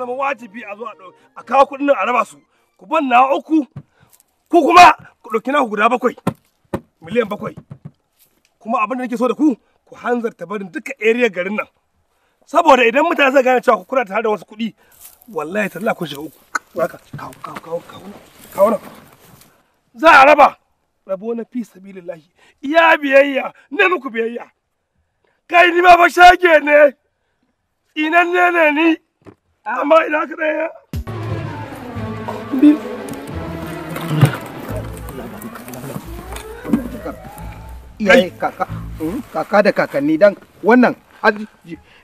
zama wajibi a zo a kawo kuɗin a raba su ku ban na uku ku kuma ku ɗauki naku guda bakwai miliyan bakwai kuma abin da nake so da ku ku hanzarta barin duka area garin nan saboda idan mutane zai gane cewa ku kuna tare da wasu kuɗi wallahi talla kun shiga uku kawo kawo kawo kawo kawo nan za a raba rabo na fi sabilillahi iya biyayya ne muku biyayya kai ni ma ba shage ne inan ne ne ni amma ina ka ɗaya biyu iyaye kaka hmm, kaka da kakanni dan wannan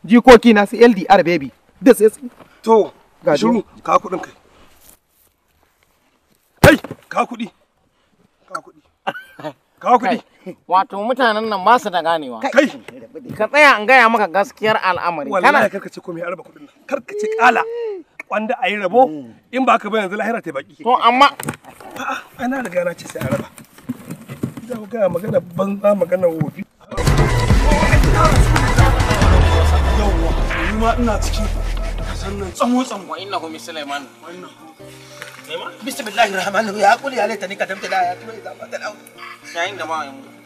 jikoki na LDR baby to ga shiru kai kakudi. Kakudi. Kakudi. wato mutanen nan ba su da ganewa kai ka tsaya an gaya maka gaskiyar al'amari kar ka ci kala wanda a yi rabo mm. in ba ka ba yanzu lahira ta baki. To amma. A'a ana riga na ce sai a raba. Za ku gaya magana banza magana wofi. Yawwa, ni ma ina cikin kasan tsamo tsamo. Wa inna hu Sulaiman. Wa inna hu. Sulaiman? Bismillahir Rahmanir Rahim. Ya kuli ya laita ni kadamta da ya tuba idan ba ta dawo. Yayin da ma yanzu.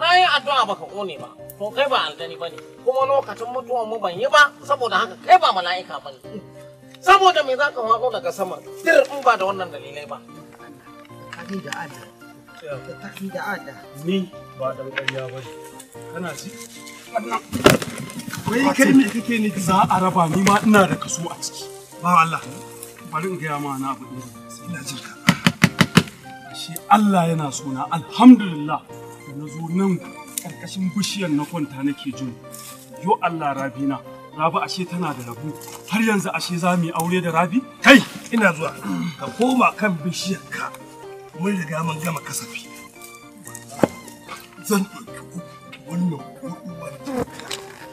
na yi addu'a baka kone ba to kai ba aljani bane kuma lokacin mutuwan mu ban yi ba saboda haka kai ba mala'ika bane saboda me zaka hako daga sama dir in ba da wannan dalilai ba kafin da ada da ada ni ba da ƙarya bane kana ji wai kai me kake ni za a raba ni ma ina da kaso a ciki ba Allah bari in gaya ma na abu sai na shi Allah yana sona alhamdulillah na zo nan ƙarƙashin bishiyar na kwanta nake jin yo Allah rabi na rabi ashe tana da rabu har yanzu ashe za mu yi aure da rabi kai ina zuwa ka koma kan bishiyar ka mun riga mun gama kasafi zan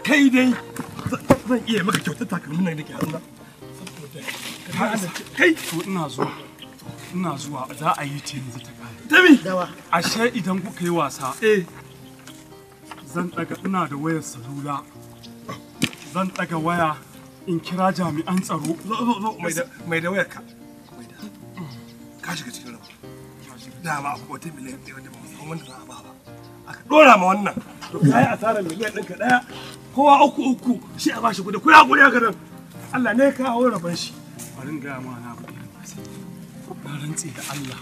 kai dai zan iya maka takalmin nan da yi ce Dami. Dawa. Ashe idan kuka yi wasa. Eh. Zan daga ina da wayar salula. Zan daga waya in kira jami'an tsaro. Zo zo zo mai da mai da wayar ka. Ka shiga cikin rabu. Dama akwai wata miliyan ɗaya wanda ba mu san wanda za a ba ba. Aka dora ma wannan. To kai asarar miliyan ɗinka ɗaya. Kowa uku uku shi a bashi kuɗi. Kuya kuɗi haka nan. Allah ne ya kawo rabon shi. Bari in gaya ma na kuɗi. Na rantse da Allah.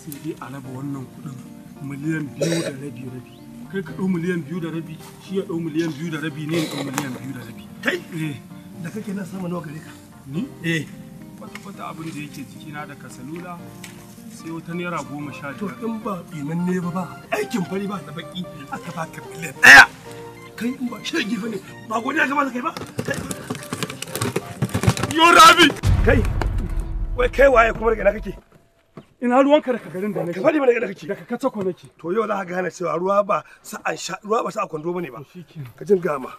sai dai a raba wannan kuɗin miliyan biyu da rabi rabi kai ka ɗau miliyan biyu da rabi shi ya ɗau miliyan biyu da rabi ne ya ɗau miliyan biyu da rabi kai eh. da kake nan sama nawa gare ka ni eh kwata-kwata abin da yake jikina da kasalula sai wata naira goma sha biyar to in ba iman ne ba ba aikin fari ba da baki aka baka miliyan ɗaya kai in ba shege ba ne ba godiya ga masa kai ba yo rabi kai wai kai waye kuma daga na kake ina ruwanka daga garin da nake ka faɗi mana daga kake daga kace ko nake to yau za ka gane cewa ruwa ba sa an sha ruwa ba sa kwando bane ba ka jin gama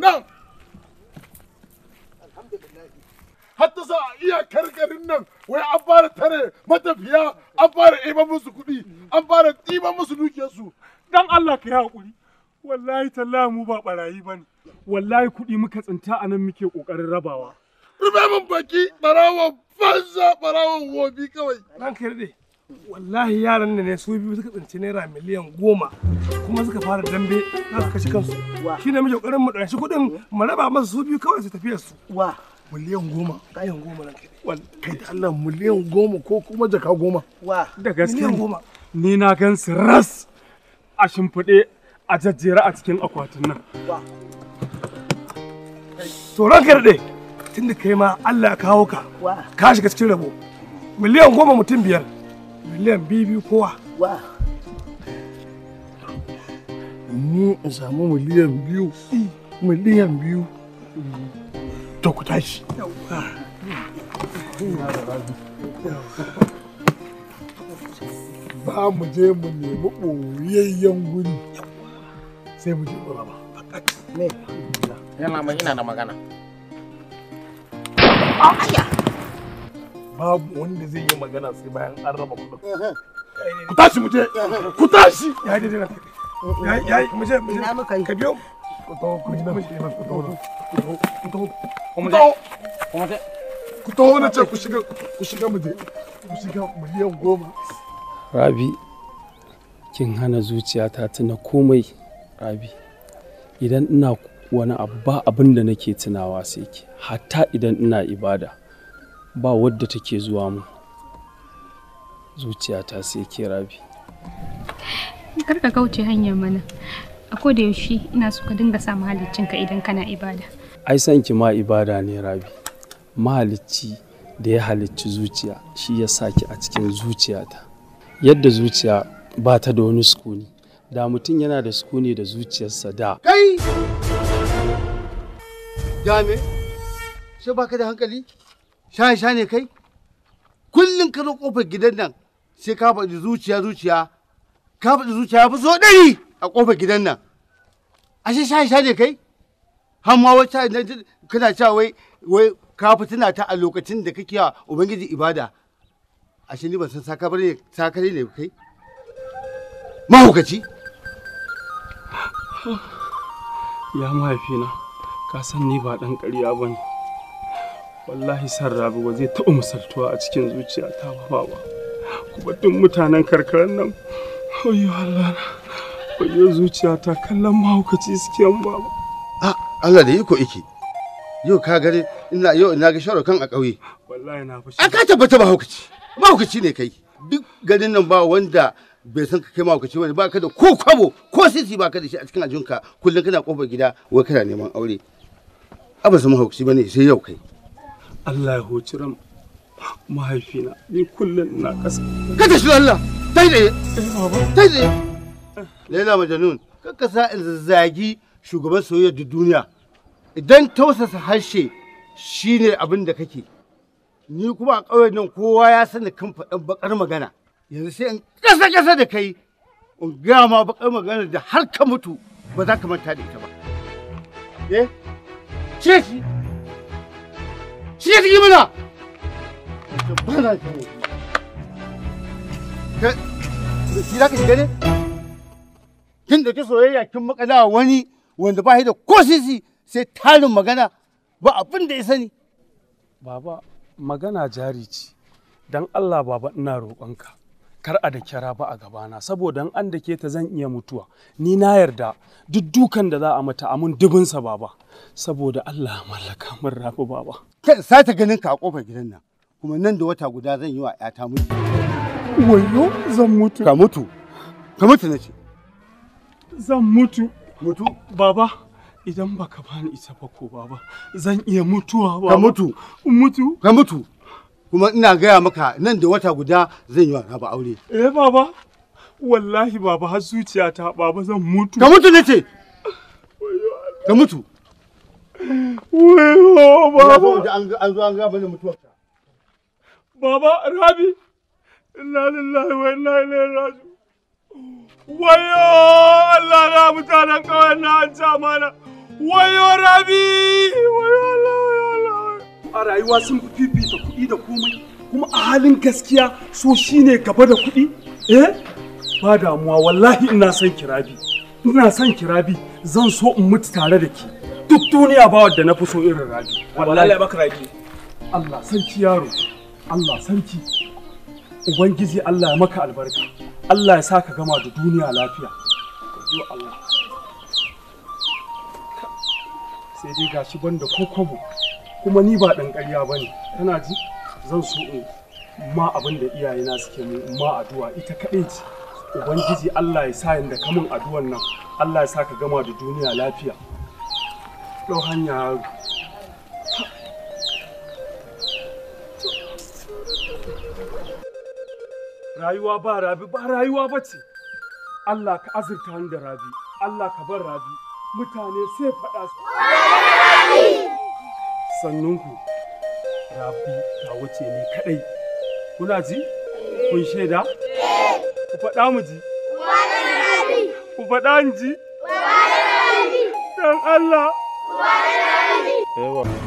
kenan hatta sa a iyakar garin nan wai an fara tare matafiya an fara iba musu kuɗi an fara ɗiban musu dukiyarsu dan Allah ka yi hakuri wallahi tallahi mu ba barayi ba ne wallahi kuɗi muka tsinta anan muke ƙoƙarin rabawa rufe min baki barawa fanza barawa wobi kawai ranka yarde wallahi yaran da ne su biyu suka tsinci naira miliyan goma kuma suka fara dambe za su kashe kansu shi ne muke ƙoƙarin mu shi kuɗin mu raba masa su biyu kawai su tafiya su wa miliyan goma kayan goma nan kai da Allah miliyan goma ko kuma jaka goma wa da gaskiya goma ni na gan su ras a shimfiɗe a jajjera a cikin akwatin nan wa to ranka daɗe tunda kai ma Allah ya kawo ka ka shiga cikin rabo miliyan goma mutum biyar miliyan biyu kowa ni in samu miliyan biyu miliyan biyu to ku tashi ba mu je mu nemi ɓoyayyen guri sai mu je ne yana mai ina da magana Oh, yeah. babu wanda zai yi magana sai bayan an raba kudin. ku tashi mu je ku tashi ya yi dai ya muje mu je mu je ka biyo ku to ku ji na mace ku to. ku to. ku taho ku taho ku to na ce ku shiga ku shiga mu je ku shiga miliyan goma rabi kin hana zuciyata tuna komai rabi idan ina wani abu ba abin da nake tunawa sai ke hatta idan ina ibada ba wadda take zuwa mu zuciyata sai ke rabi kar ka kauce hanyar mana a koda yaushe ina so ka dinga sa mahaliccinka idan kana ibada ai san ki ma ibada ne rabi mahalicci da ya halicci zuciya shi ya saki a cikin zuciyata yadda zuciya ba ta da wani sukuni da mutum yana da sukuni da zuciyarsa da kai ya sai baka da hankali shaye ne kai kullum ka zo kofar gidan nan sai ka faɗi zuciya zuciya ka faɗi zuciya ya fi so ɗari a kofar gidan nan ashe shaye ne kai hamma wata kana cewa wai wai ka fitina ta a lokacin da kake wa ubangiji ibada ashe ni ban san ne, sakare ne kai mahaukaci ya mahaifina ka san ni ba ɗan ƙarya ba ne wallahi san rabi ba zai taɓa misaltuwa a cikin ta ba baba kuma duk mutanen karkarar nan oyo Allah oyo zuciyata kallon mahaukaci suke yan baba a Allah da iko iki yau ka gare ina yau ina ga sharo kan a ƙauye wallahi na fashi ka tabbata mahaukaci mahaukaci ne kai duk garin nan ba wanda bai san ka kai mahaukaci bane ba ka da ko kwabo ko sisi ba ka da shi a cikin ajinka kullum kana kofar gida wai kana neman aure abin mahaukaci bane sai yau kai Allah ya hoci mahaifina ni kullum ina ƙasa. Kada shi Allah tai tsaye tai eh, tsaye. Laila Majanun kakka sa zagi shugaban soyayyar duniya idan tausasa harshe shine abin da kake. Ni kuma a ƙauyen nan kowa ya sani kan faɗan bakar magana yanzu sai in ƙasa ƙasa da kai in gaya ma bakar magana da har ka mutu ba za ka manta da ita ba. Eh? Ce shi ya na kin ɗauki soyayya kin makala wani wanda ba shi da ko sisi sai tarin magana ba abin da ya sani baba magana jari ce don allah baba ina rokonka. kar a da kyara ba a gabana saboda an an ke ta zan iya mutuwa ni na yarda duk dukan da za a mata amun dubinsa baba saboda Allah mallaka mun rafi baba ta ganin ka a kofar gidan nan kuma nan da wata guda zan yi wa ta mutu wayo zan mutu ka mutu ka mutu nace zan mutu mutu baba idan baka bani isa ba ko baba zan iya mutuwa baba ka mutu mutu ka mutu kuma ina gaya maka nan da wata guda zan yi wa ba aure eh baba wallahi baba har zuciya ta baba zan mutu ka mutu nace ka mutu wayo oh, baba an zo an ga bane mutuwarka baba rabi inna lillahi wa inna ilaihi raji'un wayo Allah na mutanen kawai na an mana wayo rabi wayo. rayuwa sun fi fifita kuɗi da komai kuma a halin gaskiya so shine gaba da kuɗi eh ba damuwa wallahi ina son kirabi ina son kirabi zan so in mutu tare da ke duk duniya ba wadda na fi so irin rabi wallahi baka rabi Allah sarki yaro Allah sarki ubangiji Allah ya maka albarka Allah ya sa ka gama da duniya lafiya Allah sai dai gashi banda ko kuma ni ba ɗan ƙarya ba ne kana ji zan so in ma abin da iyayena suke mu ma addu'a ita kaɗai ce ubangiji Allah ya sa yanda kamun addu'an nan Allah ya sa ka gama da duniya lafiya ɗau hanya rayuwa ba rabi ba rayuwa ba Allah ka azurta ni da rabi Allah ka bar rabi mutane sai faɗa su sannunku rabi ta wuce ne kadai kuna ji kun shaida ku faɗa mu ji ku faɗa mu ji dan Allah Yawa.